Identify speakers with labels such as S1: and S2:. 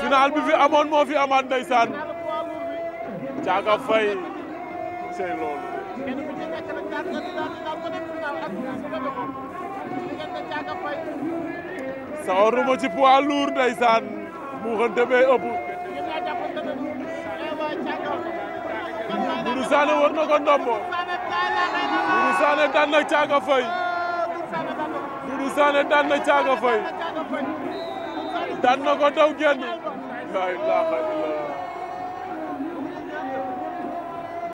S1: final bi
S2: fi amoon moo fi amaat ndeysaan
S1: Thiaka
S3: Faye c'est loolu
S2: sawaruma ci poids lourd mu xante bee ëpp Doudou Sané war na ko ndombo
S4: Doudou
S5: Sané daan na Thiaka Faye
S2: Sané daan na Thiaka Faye daan na ko daw génn la ilaha illallah